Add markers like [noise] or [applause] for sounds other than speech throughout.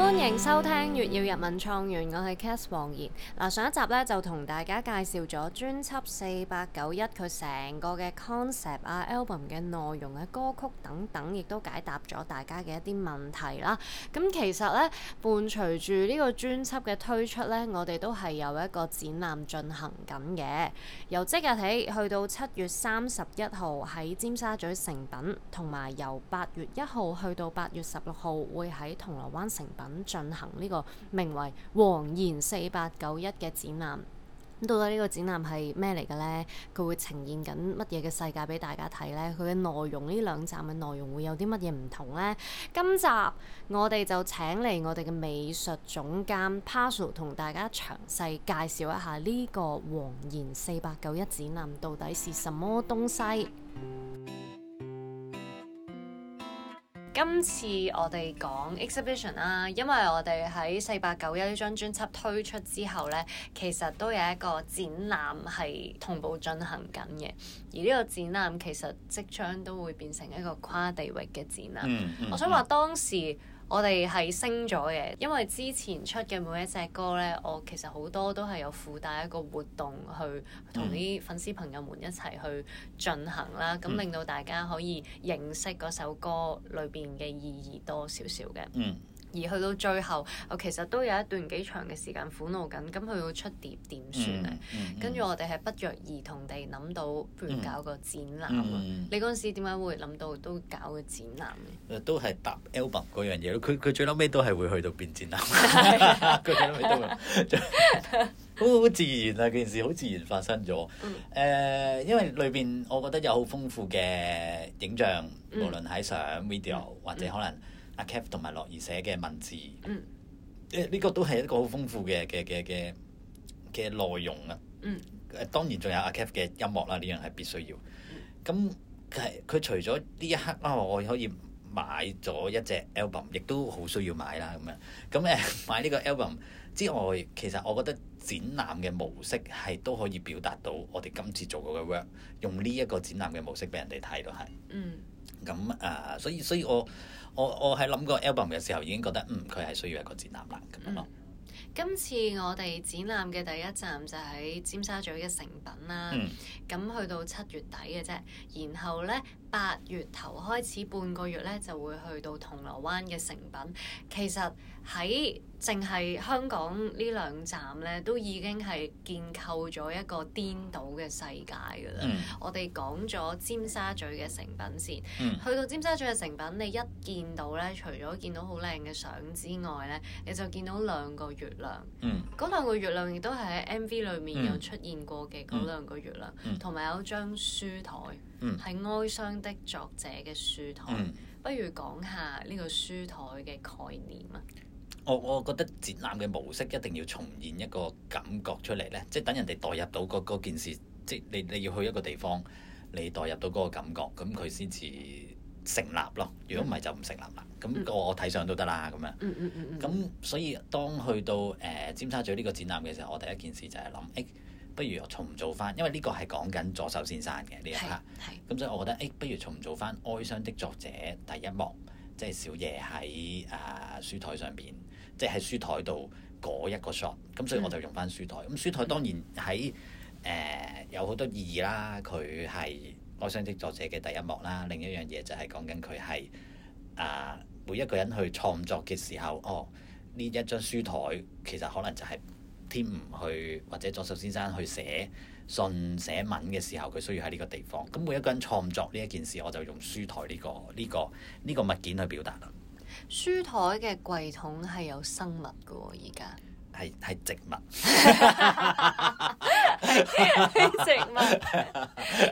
歡迎收聽《月曜日文創園》，我係 Cath 黃妍。嗱，上一集咧就同大家介紹咗專輯四八九一，佢成個嘅 concept 啊、album 嘅內容啊、歌曲等等，亦都解答咗大家嘅一啲問題啦。咁其實咧，伴隨住呢個專輯嘅推出咧，我哋都係有一個展覽進行緊嘅，由即日起去到七月三十一號喺尖沙咀誠品，同埋由八月一號去到八月十六號會喺銅鑼灣誠品。咁進行呢個名為《黃妍四八九一》嘅展覽。咁到底呢個展覽係咩嚟嘅呢？佢會呈現緊乜嘢嘅世界俾大家睇呢？佢嘅內容呢，兩站嘅內容會有啲乜嘢唔同呢？今集我哋就請嚟我哋嘅美術總監 Pazu 同、so、大家詳細介紹一下呢、這個《黃妍四八九一》展覽到底是什麼東西。今次我哋講 exhibition 啦，因為我哋喺四八九一呢張專輯推出之後呢，其實都有一個展覽係同步進行緊嘅。而呢個展覽其實即將都會變成一個跨地域嘅展覽。 [noise] 我想話當時。我哋係升咗嘅，因為之前出嘅每一隻歌呢，我其實好多都係有附帶一個活動去同啲粉絲朋友們一齊去進行啦，咁令到大家可以認識嗰首歌裏邊嘅意義多少少嘅。嗯而去到最後，我其實都有一段幾長嘅時間苦惱緊，咁佢要出碟點算咧？跟住、嗯嗯、我哋係不約而同地諗到，譬如、嗯嗯、搞個展覽啊！你嗰陣時點解會諗到都搞個展覽？都係搭 album 嗰樣嘢咯。佢佢最嬲尾都係會去到變展覽，最嬲尾都，好好 [laughs] [laughs] [laughs] 自然啊！件事好自然發生咗。誒、嗯，因為裏邊我覺得有好豐富嘅影像，無論喺相、video 或者可能、嗯。阿 Cath 同埋樂兒寫嘅文字，誒呢、嗯啊這個都係一個好豐富嘅嘅嘅嘅嘅內容、嗯、啊。誒當然仲有阿 Cath 嘅音樂啦，呢樣係必須要咁係佢除咗呢一刻啦、啊，我可以買咗一隻 album，亦都好需要買啦。咁樣咁誒、啊、買呢個 album 之外，其實我覺得展覽嘅模式係都可以表達到我哋今次做過嘅 work，用呢一個展覽嘅模式俾人哋睇都係。嗯，咁啊，所以，所以，所，以所以我。我我係諗過 album 嘅時候已經覺得，嗯，佢係需要一個展覽啦咁、嗯、樣咯。今次我哋展覽嘅第一站就喺尖沙咀嘅誠品啦，咁、嗯、去到七月底嘅啫，然後咧。八月頭開始半個月咧，就會去到銅鑼灣嘅誠品。其實喺淨係香港呢兩站咧，都已經係建構咗一個顛倒嘅世界㗎啦。嗯、我哋講咗尖沙咀嘅誠品先，嗯、去到尖沙咀嘅誠品，你一見到咧，除咗見到好靚嘅相之外咧，你就見到兩個月亮。嗰、嗯、兩個月亮亦都係喺 MV 裏面、嗯、有出現過嘅嗰兩個月亮，同埋、嗯、有一張書枱，係哀傷的作者嘅書台，嗯、不如講下呢個書台嘅概念啊！我我覺得展覽嘅模式一定要重現一個感覺出嚟咧，即係等人哋代入到嗰、嗰個、件事，即、就、係、係、你你要去一個地方，你代入到嗰個感覺，咁佢先至成立咯。如果唔係就唔成立啦。咁個、嗯、我睇上都得啦，咁樣。咁、嗯嗯嗯、所以當去到誒、呃、尖沙咀呢個展覽嘅時候，我第一件事就係諗誒。欸不如我重做翻，因為呢個係講緊左手先生嘅呢一 part，咁所以我覺得，誒，不如重做翻《哀傷的作者》第一幕，即係小夜喺誒書台上邊，即係喺書台度嗰一個 shot，咁所以我就用翻書台。咁書台當然喺誒、呃、有好多意義啦，佢係《哀傷的作者》嘅第一幕啦。另一樣嘢就係講緊佢係啊，每一個人去創作嘅時候，哦，呢一張書台其實可能就係、是。天唔去，或者左手先生去寫信寫文嘅時候，佢需要喺呢個地方。咁每一個人創作呢一件事，我就用書台呢個、呢個、呢個物件去表達啦。書台嘅櫃桶係有生物㗎喎，而家。係係植， [laughs] 植物，係植物。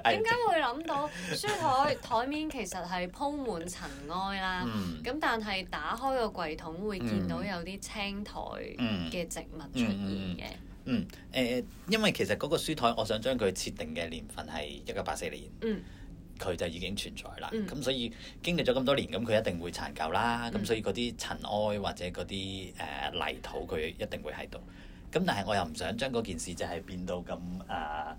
點解會諗到書枱，枱面其實係鋪滿塵埃啦，咁、嗯、但係打開個櫃桶會見到、嗯、有啲青苔嘅植物出現嘅、嗯。嗯誒、嗯嗯呃，因為其實嗰個書枱，我想將佢設定嘅年份係一九八四年。嗯。佢就已經存在啦，咁、嗯、所以經歷咗咁多年，咁佢一定會殘舊啦，咁、嗯、所以嗰啲塵埃或者嗰啲誒泥土，佢一定會喺度。咁但係我又唔想將嗰件事就係變到咁誒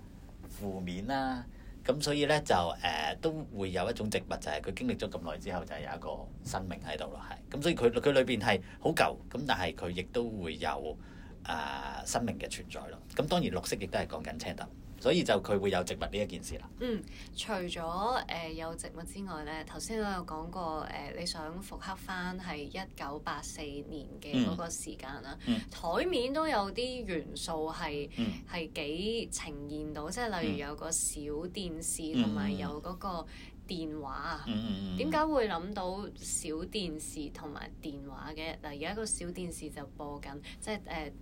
負面啦、啊，咁所以呢，就誒、呃、都會有一種植物，就係、是、佢經歷咗咁耐之後，就有一個生命喺度咯，係。咁所以佢佢裏邊係好舊，咁但係佢亦都會有誒、呃、生命嘅存在咯。咁當然綠色亦都係講緊車所以就佢會有植物呢一件事啦。嗯，除咗誒、呃、有植物之外咧，頭先我有講過誒、呃，你想復刻翻係一九八四年嘅嗰個時間啦、嗯。嗯。檯面都有啲元素係係、嗯、幾呈現到，即係例如有個小電視同埋有嗰個電話啊、嗯。嗯，點解、嗯、會諗到小電視同埋電話嘅？嗱，而家個小電視就播緊，即係誒。呃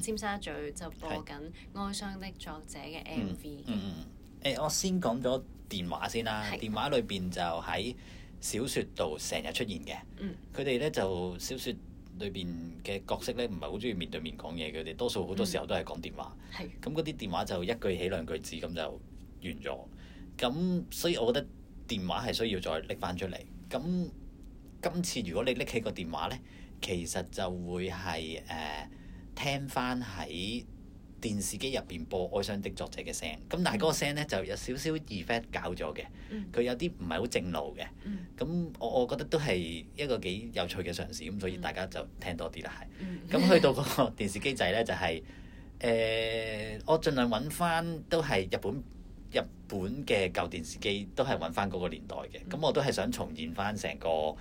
尖沙咀就播緊《哀傷的作者》嘅 M V 嗯嗯誒、嗯欸，我先講咗電話先啦。是電話裏邊就喺小説度成日出現嘅。嗯。佢哋咧就小説裏邊嘅角色咧，唔係好鍾意面對面講嘢，佢哋多數好多時候都係講電話。係、嗯。咁嗰啲電話就一句起兩句止，咁就完咗。咁所以我覺得電話係需要再拎返出嚟。咁今次如果你拎起個電話咧，其實就會係誒。呃聽翻喺電視機入邊播《愛上的作者的》嘅聲，咁但係嗰個聲咧就有少少 effect 搞咗嘅，佢有啲唔係好正路嘅。咁我我覺得都係一個幾有趣嘅嘗試，咁所以大家就聽多啲啦，係。咁去到個電視機仔咧，就係、係、誒、呃，我盡量揾翻都係日本日本嘅舊電視機，都係揾翻嗰個年代嘅。咁我都係想重現翻成個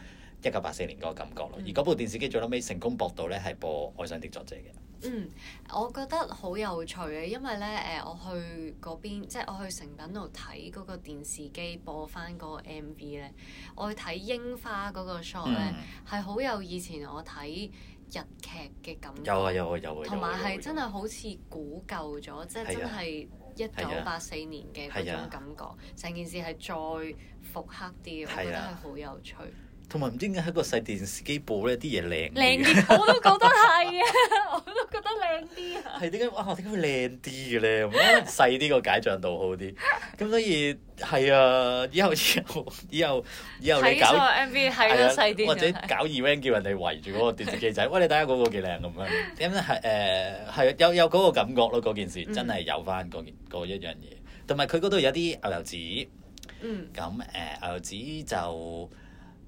一九八四年嗰個感覺咯。而嗰部電視機最後尾成功博呢播到咧，係播《愛上的作者的》嘅。嗯，我覺得好有趣嘅，因為咧誒，我去嗰邊，即係我去誠品度睇嗰個電視機播翻個 MV 咧，我去睇櫻花嗰個 shot 咧，係好有以前我睇日劇嘅感覺。有啊有啊有啊！同埋係真係好似古舊咗，即係真係一九八四年嘅嗰種感覺，成件事係再復刻啲，我覺得係好有趣。同埋唔知點解喺個細電視機播咧啲嘢靚，靚我都覺得係啊，我都覺得靚啲、啊。係、 [laughs] 啊啊、點解？哇！點解會靚啲嘅咧？咁細啲個解像度好啲，咁所以係啊！以後以後以後，以後你搞 M V 係啦、啊，細啲、啊就是、或者搞 event 叫人哋圍住嗰個電視機仔，喂、 [laughs] 哎，你睇下嗰個幾靚咁樣。咁咧係誒有有嗰個感覺咯，嗰件事真係有翻、那、嗰、個嗯、一樣嘢。同埋佢嗰度有啲牛油紙，咁誒、嗯嗯嗯、牛油紙就。嗯嗯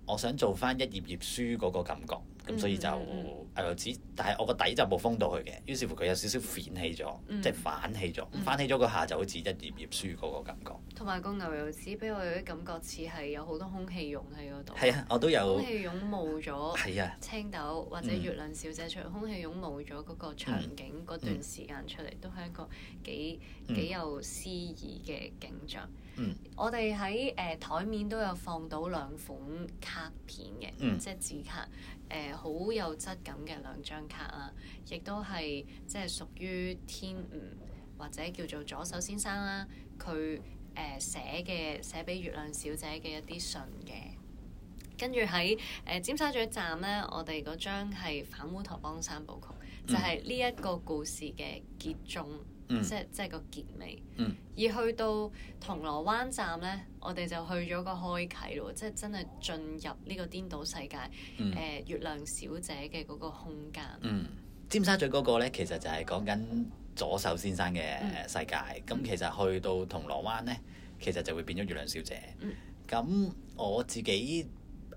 我想做翻一頁頁書嗰個感覺，咁所以就。Mm hmm. 牛油紙，但係我個底就冇封到佢嘅，於是乎佢有少少反起咗，嗯、即係反起咗，嗯、反起咗個下就好似一頁頁書嗰個感覺。同埋個牛油紙俾我有啲感覺似係有好多空氣湧喺嗰度。係啊，我都有。空氣湧冒咗。係啊。青豆或者月亮小姐出、嗯、空氣湧冒咗嗰個場景嗰、嗯、段時間出嚟，都係一個幾幾有詩意嘅景象。嗯、我哋喺誒檯面都有放到兩款卡片嘅，嗯、即係字卡，誒、呃、好有質感。嘅兩張卡啦，亦都係即係屬於天悟或者叫做左手先生啦，佢誒寫嘅寫俾月亮小姐嘅一啲信嘅，跟住喺誒尖沙咀站咧，我哋嗰張係反烏托邦三部曲，就係、是、呢一個故事嘅結終。嗯、即係即係個結尾。嗯，而去到銅鑼灣站咧，我哋就去咗個開啓咯，即係真係進入呢個顛倒世界。嗯、呃，月亮小姐嘅嗰個空間。嗯，尖沙咀嗰個咧，其實就係講緊左手先生嘅世界。咁、嗯、其實去到銅鑼灣咧，其實就會變咗月亮小姐。嗯，咁我自己誒、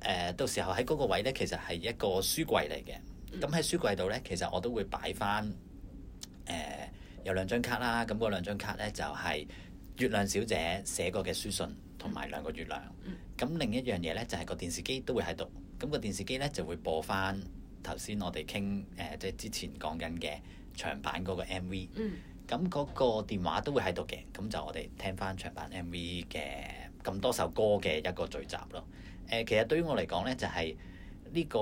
呃、到時候喺嗰個位咧，其實係一個書櫃嚟嘅。咁喺書櫃度咧，其實我都會擺返誒。嗯有兩張卡啦，咁嗰兩張卡咧就係月亮小姐寫過嘅書信同埋兩個月亮。咁、嗯、另一樣嘢咧就係個電視機都會喺度，咁個電視機咧就會播翻頭先我哋傾誒即係之前講緊嘅長版嗰個 MV、嗯。咁嗰個電話都會喺度嘅，咁就我哋聽翻長版 MV 嘅咁多首歌嘅一個聚集咯。誒，其實對於我嚟講咧，就係呢個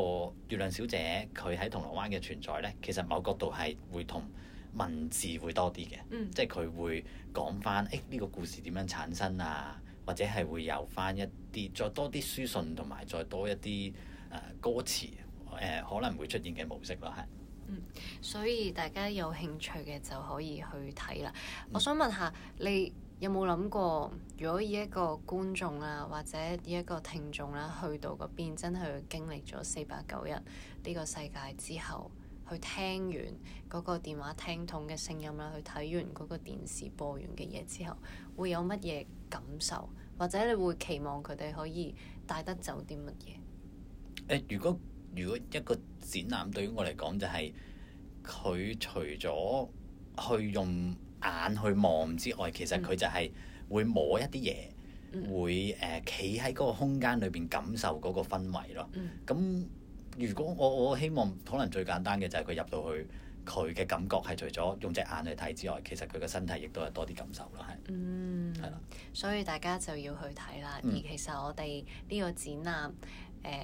月亮小姐佢喺銅鑼灣嘅存在咧，其實某角度係會同。文字會多啲嘅，嗯、即係佢會講翻，誒、欸、呢、這個故事點樣產生啊，或者係會有翻一啲，再多啲書信同埋再多一啲誒、呃、歌詞，誒、呃、可能會出現嘅模式咯，係。嗯，所以大家有興趣嘅就可以去睇啦。嗯、我想問下，你有冇諗過，如果以一個觀眾啊，或者以一個聽眾啦、啊，去到嗰邊真係去經歷咗4891呢個世界之後，去聽完嗰個電話聽筒嘅聲音啦，去睇完嗰個電視播完嘅嘢之後，會有乜嘢感受？或者你會期望佢哋可以帶得走啲乜嘢？誒，如果如果一個展覽對於我嚟講就係、是、佢除咗去用眼去望之外，其實佢就係會摸一啲嘢，嗯、會誒企喺嗰個空間裏邊感受嗰個氛圍咯。咁、嗯如果我我希望，可能最簡單嘅就係佢入到去佢嘅感覺係除咗用隻眼去睇之外，其實佢嘅身體亦都係多啲感受咯，係係啦，嗯、的所以大家就要去睇啦。嗯、而其實我哋呢個展覽誒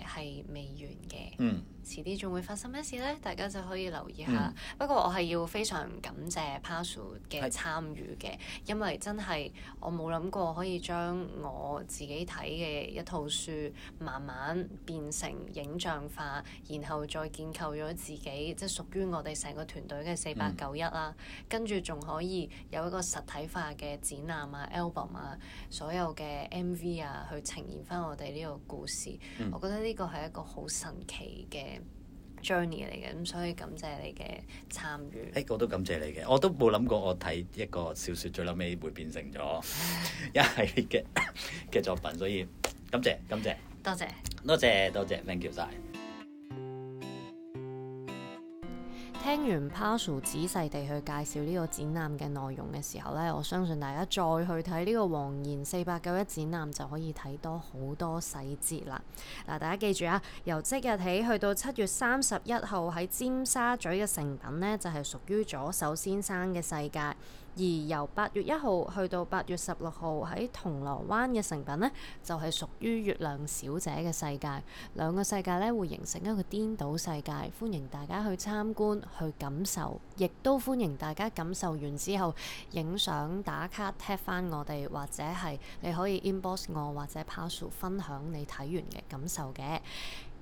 係、呃、未完嘅。嗯遲啲仲會發生咩事呢？大家就可以留意下。嗯、不過我係要非常感謝 Pazu 嘅參與嘅，是因為真係我冇諗過可以將我自己睇嘅一套書慢慢變成影像化，然後再建構咗自己，即、就、係、是、屬於我哋成個團隊嘅四八九一啦。跟住仲可以有一個實體化嘅展覽啊、album、嗯、啊、所有嘅 MV 啊，去呈現翻我哋呢個故事。嗯、我覺得呢個係一個好神奇嘅。journey 嚟嘅，咁所以感謝你嘅參與。誒，hey, 我都感謝你嘅，我都冇諗過我睇一個小説，最後尾會變成咗一系列嘅嘅作品，所以感謝感謝，謝，謝。多謝多謝多謝，thank you 晒。聽完 Pazu 仔細地去介紹呢個展覽嘅內容嘅時候，呢我相信大家再去睇呢個黃妍四八九一展覽就可以睇多好多細節啦！嗱，大家記住啊，由即日起去到七月三十一號喺尖沙咀嘅誠品呢，就係屬於左手先生嘅世界。而由八月一號去到八月十六號喺銅鑼灣嘅成品呢，就係屬於月亮小姐嘅世界。兩個世界呢，會形成一個顛倒世界，歡迎大家去參觀去感受，亦都歡迎大家感受完之後影相打卡，tap 翻我哋或者係你可以 inbox 我或者 Pazu 分享你睇完嘅感受嘅。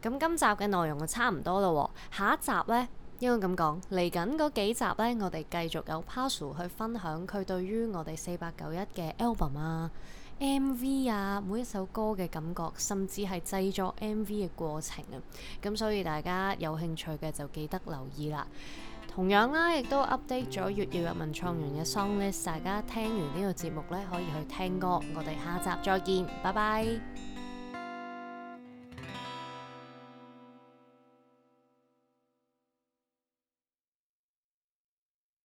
咁今集嘅內容就差唔多啦，下一集呢？因為咁講，嚟緊嗰幾集呢，我哋繼續有 Pazu 去分享佢對於我哋四八九一嘅 album 啊、MV 啊，每一首歌嘅感覺，甚至係製作 MV 嘅過程啊。咁所以大家有興趣嘅就記得留意啦。同樣啦，亦都 update 咗粵語入文創園嘅 song list，大家聽完呢個節目呢，可以去聽歌。我哋下集再見，拜拜。